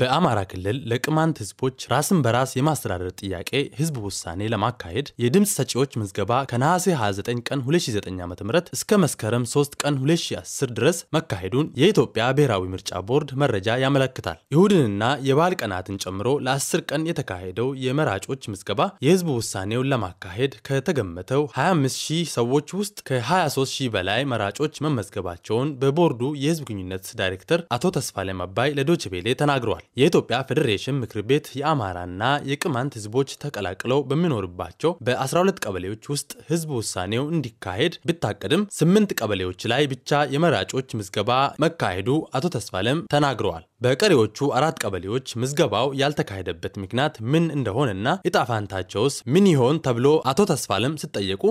በአማራ ክልል ለቅማንት ህዝቦች ራስን በራስ የማስተዳደር ጥያቄ ህዝብ ውሳኔ ለማካሄድ የድምፅ ሰጪዎች ምዝገባ ከነሐሴ 29 ቀን 2009 ዓ ም እስከ መስከረም 3 ቀን 2010 ድረስ መካሄዱን የኢትዮጵያ ብሔራዊ ምርጫ ቦርድ መረጃ ያመለክታል። ይሁድንና የበዓል ቀናትን ጨምሮ ለ10 ቀን የተካሄደው የመራጮች ምዝገባ የህዝብ ውሳኔውን ለማካሄድ ከተገመተው 25000 ሰዎች ውስጥ ከ23000 በላይ መራጮች መመዝገባቸውን በቦርዱ የህዝብ ግንኙነት ዳይሬክተር አቶ ተስፋ ለማባይ ለዶችቤሌ ተናግረዋል። የኢትዮጵያ ፌዴሬሽን ምክር ቤት የአማራና የቅማንት ህዝቦች ተቀላቅለው በሚኖርባቸው በ12 ቀበሌዎች ውስጥ ህዝብ ውሳኔው እንዲካሄድ ብታቀድም ስምንት ቀበሌዎች ላይ ብቻ የመራጮች ምዝገባ መካሄዱ አቶ ተስፋለም ተናግረዋል። በቀሪዎቹ አራት ቀበሌዎች ምዝገባው ያልተካሄደበት ምክንያት ምን እንደሆነና እጣ ምን ይሆን ተብሎ አቶ ተስፋለም ሲጠየቁ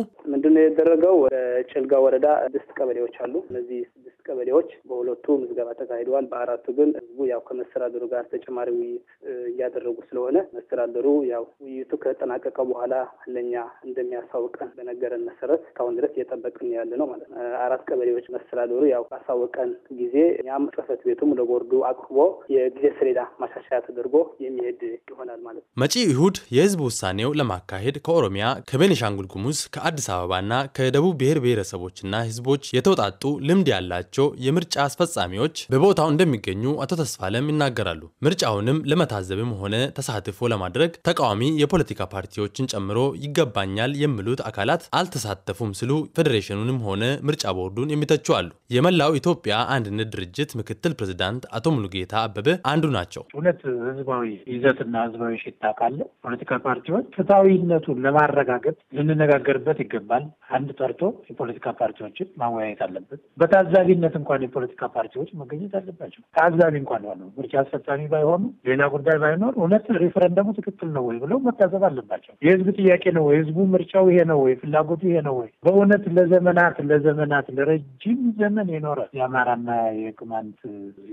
ምንድን ነው የተደረገው? ወደ ጭልጋ ወረዳ ስድስት ቀበሌዎች አሉ። እነዚህ ስድስት ቀበሌዎች በሁለቱ ምዝገባ ተካሂደዋል። በአራቱ ግን ህዝቡ ያው ከመስተዳደሩ ጋር ተጨማሪ ውይይት እያደረጉ ስለሆነ መስተዳደሩ ያው ውይይቱ ከተጠናቀቀ በኋላ ለኛ እንደሚያሳውቀን በነገረን መሰረት እስካሁን ድረስ እየጠበቅን ያለ ነው ማለት ነው። አራት ቀበሌዎች መስተዳደሩ ያው ባሳወቀን ጊዜ እኛም ጽህፈት ቤቱም ለቦርዱ አቅርቦ የጊዜ ሰሌዳ ማሻሻያ ተደርጎ የሚሄድ ይሆናል ማለት ነው። መጪ ይሁድ የህዝብ ውሳኔው ለማካሄድ ከኦሮሚያ፣ ከቤኒሻንጉል ጉሙዝ፣ ከአዲስ አበባ ከአዲስ አበባና ከደቡብ ብሔር ብሔረሰቦችና ህዝቦች የተውጣጡ ልምድ ያላቸው የምርጫ አስፈጻሚዎች በቦታው እንደሚገኙ አቶ ተስፋለም ይናገራሉ። ምርጫውንም ለመታዘብም ሆነ ተሳትፎ ለማድረግ ተቃዋሚ የፖለቲካ ፓርቲዎችን ጨምሮ ይገባኛል የሚሉት አካላት አልተሳተፉም ሲሉ ፌዴሬሽኑንም ሆነ ምርጫ ቦርዱን የሚተቹ አሉ። የመላው ኢትዮጵያ አንድነት ድርጅት ምክትል ፕሬዚዳንት አቶ ሙሉጌታ አበበ አንዱ ናቸው። እውነት ህዝባዊ ይዘትና ህዝባዊ ሽታ ካለ ፖለቲካ ፓርቲዎች ፍትሐዊነቱን ለማረጋገጥ ልንነጋገርበት ይገባል። ይኖራል። አንድ ጠርቶ የፖለቲካ ፓርቲዎችን ማወያየት አለበት። በታዛቢነት እንኳን የፖለቲካ ፓርቲዎች መገኘት አለባቸው። ታዛቢ እንኳን ሆነው ምርጫ አስፈጻሚ ባይሆኑ፣ ሌላ ጉዳይ ባይኖር እውነት ሪፈረንደሙ ትክክል ነው ወይ ብለው መታዘብ አለባቸው። የህዝብ ጥያቄ ነው ወይ? ህዝቡ ምርጫው ይሄ ነው ወይ? ፍላጎቱ ይሄ ነው ወይ? በእውነት ለዘመናት ለዘመናት ለረጅም ዘመን የኖረ የአማራና የቅማንት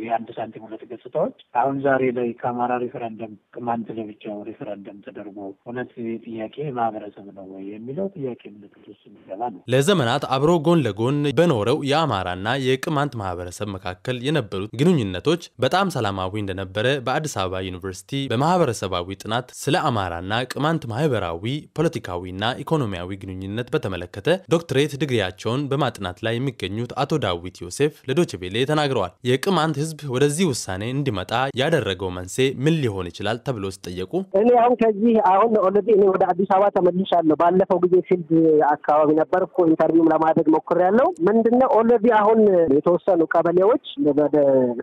የአንድ ሳንቲም ሁለት ገጽታዎች አሁን ዛሬ ላይ ከአማራ ሪፈረንደም ቅማንት ለብቻው ሪፈረንደም ተደርጎ እውነት ጥያቄ የማህበረሰብ ነው ወይ የሚለው ጥያቄ ምልክት ነው። ለዘመናት አብሮ ጎን ለጎን በኖረው የአማራና የቅማንት ማህበረሰብ መካከል የነበሩት ግንኙነቶች በጣም ሰላማዊ እንደነበረ በአዲስ አበባ ዩኒቨርሲቲ በማህበረሰባዊ ጥናት ስለ አማራና ቅማንት ማህበራዊ፣ ፖለቲካዊና ኢኮኖሚያዊ ግንኙነት በተመለከተ ዶክትሬት ድግሪያቸውን በማጥናት ላይ የሚገኙት አቶ ዳዊት ዮሴፍ ለዶችቬሌ ተናግረዋል። የቅማንት ህዝብ ወደዚህ ውሳኔ እንዲመጣ ያደረገው መንስኤ ምን ሊሆን ይችላል ተብሎ ሲጠየቁ እኔ አሁን ከዚህ አሁን ኦልሬዲ እኔ ወደ አዲስ አበባ ተመልሻለሁ። ባለፈው ጊዜ ፊልድ አካባቢ አካባቢ ነበርኩ። ኢንተርቪውም ለማድረግ ያለው ምንድነው ኦልሬዲ አሁን የተወሰኑ ቀበሌዎች ወደ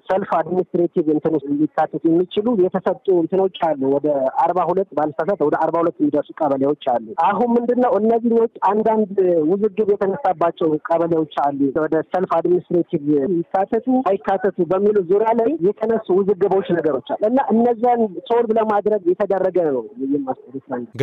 ሰልፍ አድሚኒስትሬቲቭ እንትን ሊካተት የሚችሉ የተሰጡ እንትኖች አሉ። ወደ አርባ ሁለት ባልሳሳት ወደ አርባ ሁለት የሚደርሱ ቀበሌዎች አሉ። አሁን ምንድነው እነዚህ አንዳንድ ውዝግብ የተነሳባቸው ቀበሌዎች አሉ። ወደ ሰልፍ አድሚኒስትሬቲቭ ይካተቱ አይካተቱ በሚሉ ዙሪያ ላይ የተነሱ ውዝግቦች ነገሮች አሉ እና እነዚያን ሶልቭ ለማድረግ የተደረገ ነው።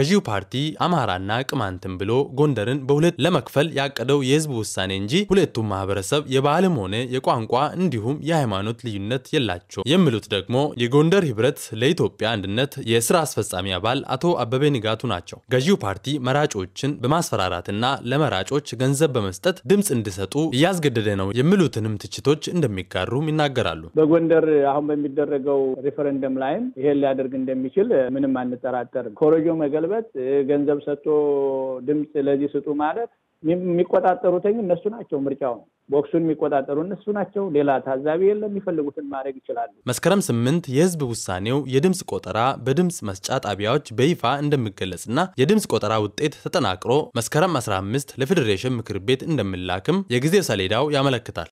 ገዢው ፓርቲ አማራና ቅማንትን ብሎ ጎንደርን በ በሁለት ለመክፈል ያቀደው የህዝብ ውሳኔ እንጂ ሁለቱም ማህበረሰብ የባህልም ሆነ የቋንቋ እንዲሁም የሃይማኖት ልዩነት የላቸው የሚሉት ደግሞ የጎንደር ህብረት ለኢትዮጵያ አንድነት የስራ አስፈጻሚ አባል አቶ አበበ ንጋቱ ናቸው። ገዢው ፓርቲ መራጮችን በማስፈራራትና ለመራጮች ገንዘብ በመስጠት ድምፅ እንዲሰጡ እያስገደደ ነው የሚሉትንም ትችቶች እንደሚጋሩም ይናገራሉ። በጎንደር አሁን በሚደረገው ሪፈረንደም ላይም ይሄን ሊያደርግ እንደሚችል ምንም አንጠራጠርም። ኮረጆ መገልበጥ ገንዘብ ሰጥቶ ድምፅ ለዚህ ስጡ ማለት የሚቆጣጠሩትኝ እነሱ ናቸው። ምርጫው ነው። ቦክሱን የሚቆጣጠሩ እነሱ ናቸው። ሌላ ታዛቢ የለም። የሚፈልጉትን ማድረግ ይችላሉ። መስከረም ስምንት የህዝብ ውሳኔው የድምፅ ቆጠራ በድምፅ መስጫ ጣቢያዎች በይፋ እንደሚገለጽና የድምፅ ቆጠራ ውጤት ተጠናቅሮ መስከረም 15 ለፌዴሬሽን ምክር ቤት እንደሚላክም የጊዜ ሰሌዳው ያመለክታል።